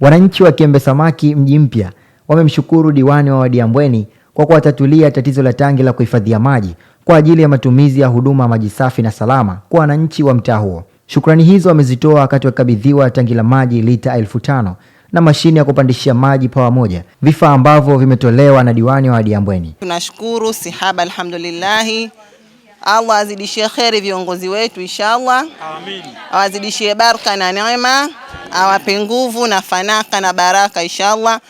Wananchi wa Kiembe Samaki mji mpya wamemshukuru diwani wa wadi ya Mbweni kwa kuwatatulia tatizo la tangi la kuhifadhia maji kwa ajili ya matumizi ya huduma maji safi na salama kwa wananchi wa mtaa huo. Shukrani hizo wamezitoa wakati wakabidhiwa tangi la maji lita elfu tano na mashine ya kupandishia maji pawa moja, vifaa ambavyo vimetolewa na diwani wa wadi ya Mbweni. Tunashukuru sihaba, alhamdulillahi. Allah azidishie kheri viongozi wetu, inshallah, amin. Awazidishie baraka na neema awape nguvu na fanaka na baraka inshallah,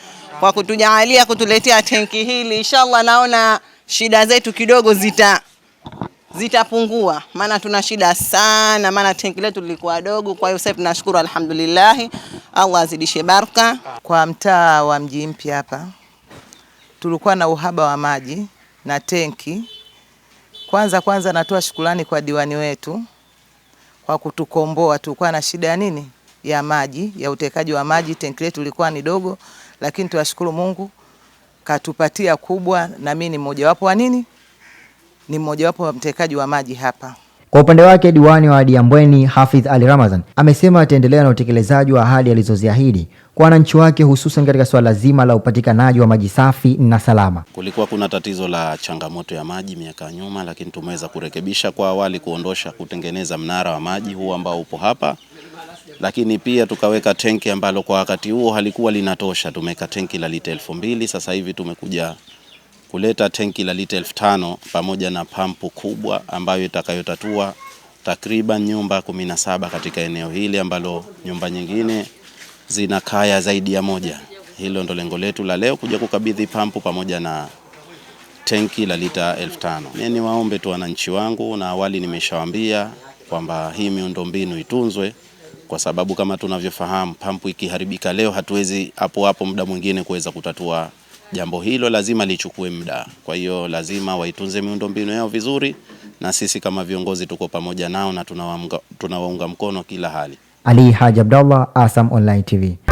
kwa kutujalia kutuletea tenki hili inshallah. Naona shida zetu kidogo zita zitapungua maana tuna shida sana, maana tenki letu lilikuwa dogo. Kwa hiyo sasa tunashukuru alhamdulillah, Allah azidishe baraka. Kwa mtaa wa mji mpya hapa tulikuwa na uhaba wa maji na tenki. Kwanza kwanza natoa shukrani kwa diwani wetu kwa kutukomboa, tulikuwa na shida ya nini ya maji ya utekaji wa maji. Tenki letu lilikuwa ni dogo, lakini tunashukuru Mungu katupatia kubwa, na mimi ni mmojawapo wa nini, ni mmojawapo wa mtekaji wa maji hapa. Kwa upande wake diwani wa Diambweni Hafidh Ali Ramadhan amesema ataendelea na utekelezaji wa ahadi alizoziahidi kwa wananchi wake, hususan katika suala zima la upatikanaji wa maji safi na salama. Kulikuwa kuna tatizo la changamoto ya maji miaka nyuma, lakini tumeweza kurekebisha kwa awali, kuondosha, kutengeneza mnara wa maji huu ambao upo hapa lakini pia tukaweka tenki ambalo kwa wakati huo halikuwa linatosha. Tumeweka tenki la lita elfu mbili sasa hivi tumekuja kuleta tenki la lita elfu tano pamoja na pampu kubwa ambayo itakayotatua takriban nyumba kumi na saba katika eneo hili ambalo nyumba nyingine zina kaya zaidi ya moja. Hilo ndo lengo letu la leo kuja kukabidhi pampu pamoja na tenki la lita elfu tano. Mimi niwaombe tu wananchi wangu, na awali nimeshawaambia kwamba hii miundombinu itunzwe kwa sababu kama tunavyofahamu pampu ikiharibika leo, hatuwezi hapo hapo muda mwingine kuweza kutatua jambo hilo, lazima lichukue muda. Kwa hiyo lazima waitunze miundombinu yao vizuri, na sisi kama viongozi tuko pamoja nao na tunawaunga mkono kila hali. Ali Haji Abdallah, ASAM Online TV.